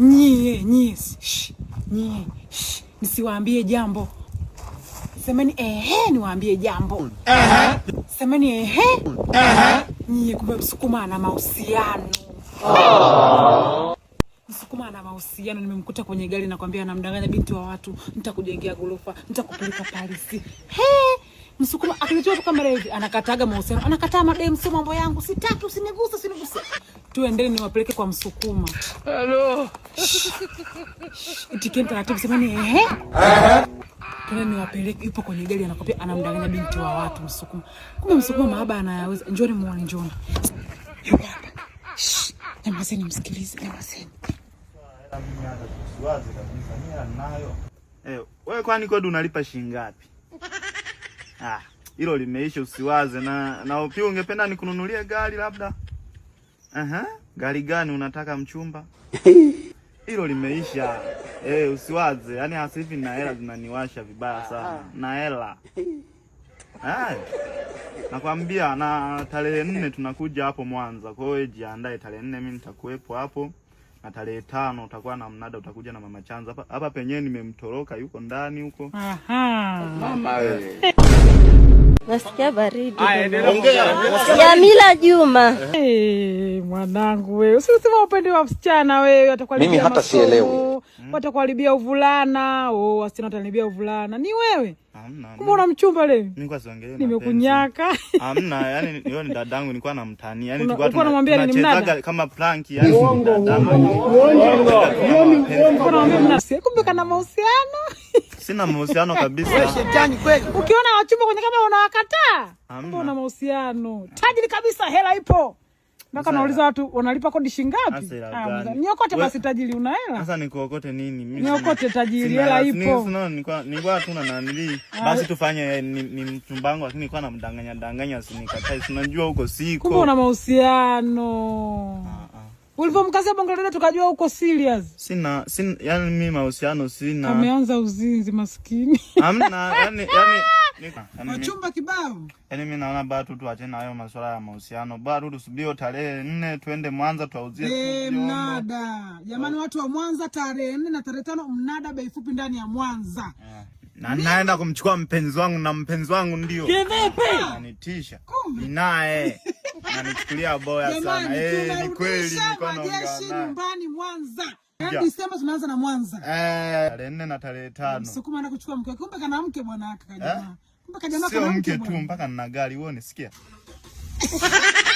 nyie nyie, nyie nisiwaambie jambo, semeni ehe, niwaambie jambo ehe, semeni ehe, ehe. Nyie kumbe msukuma na mahusiano Msukuma ana mahusiano, nimemkuta kwenye gari nakwambia, anamdanganya binti wa watu, nitakujengea gorofa, nitakupeleka Paris. He, msukuma akinichukua kama hivi, anakataga mahusiano, anakataa madem, sio mambo yangu, sitaki, usiniguse, usiniguse tuendeni niwapeleke kwa Msukuma. Halo. Itikeni taratibu, semeni ehe. Tena niwapeleke, yupo kwenye gari anakwambia, anamdanganya binti wa watu Msukuma. Kumbe Msukuma mahaba anayaweza. Njoni muone, njoni. Nyamazeni msikilize, nyamazeni. Eh, wewe kwani kodi unalipa shilingi ngapi? Ah, hilo limeisha usiwaze na na pia ungependa nikununulie gari labda? Aha, gari gani unataka mchumba? Hilo limeisha. Eh, usiwaze. Yaani hasa hivi na hela zinaniwasha vibaya sana. Na hela. Ah. Nakwambia na tarehe nne tunakuja hapo Mwanza. Kwa hiyo jiandae tarehe nne mimi nitakuwepo hapo. Na tarehe tano utakuwa na mnada utakuja na Mama Chanza. Hapa hapa penyewe nimemtoroka yuko ndani huko. Aha. Mama wewe. Nasikia baridi. Jamila Juma. Hey, mwanangu wewe, usisema upende wa msichana wewe, atakwalibia. Mimi hata sielewi. Watakuharibia hmm? uvulana. Oh, wasichana watanibia uvulana. Ni wewe? Kumbe una mchumba leo? Nimekunyaka. Hamna, yani yeye ni dadangu, nilikuwa namtania. Yani tulikuwa tunamwambia ni mnada. Kama prank yani. Kumbe kana mahusiano sina mahusiano kabisa. Wewe shetani kweli. Ukiona wachumba kwenye kama unawakataa, kumbe una mahusiano. Tajiri kabisa, hela ipo. Mpaka nauliza watu wanalipa kodi shingapi? Ah, niokote basi tajiri una hela. Sasa nikuokote nini? Mimi niokote tajiri hela ipo. Sina nilikuwa nilikuwa tu na nani. Ah. Basi tufanye eh, ni, ni mchumba wangu lakini nilikuwa namdanganya danganya usinikatae. Unajua huko siko. Kumbe una mahusiano. Ah. Ulivyomkazia bonge dada tukajua uko serious. Sina, sina yani mimi mahusiano sina. Ameanza uzinzi maskini. Hamna yani yani chumba kibao. Yani mimi naona bado tu tuache na hayo masuala ya mahusiano. Bado tusubiri tarehe nne twende Mwanza tuauzie. Eh, mnada. Jamani oh. watu wa Mwanza tarehe nne na tarehe tano mnada bei fupi ndani ya Mwanza. Yeah. Na naenda kumchukua mpenzi wangu na mpenzi wangu ndio. Kivipi? Ananitisha. Ninaye nanichukulia boya sana. Eh, ni kweli nilikuwa naongea naye. Nyumbani Mwanza. Disemba yaani tunaanza na Mwanza. Eh, tarehe nne na tarehe tano. Sukuma na kuchukua mke. Kumbe kana mke bwana aka eh? jamaa. Kumbe kana mke tu mpaka nina gari wewe unisikia?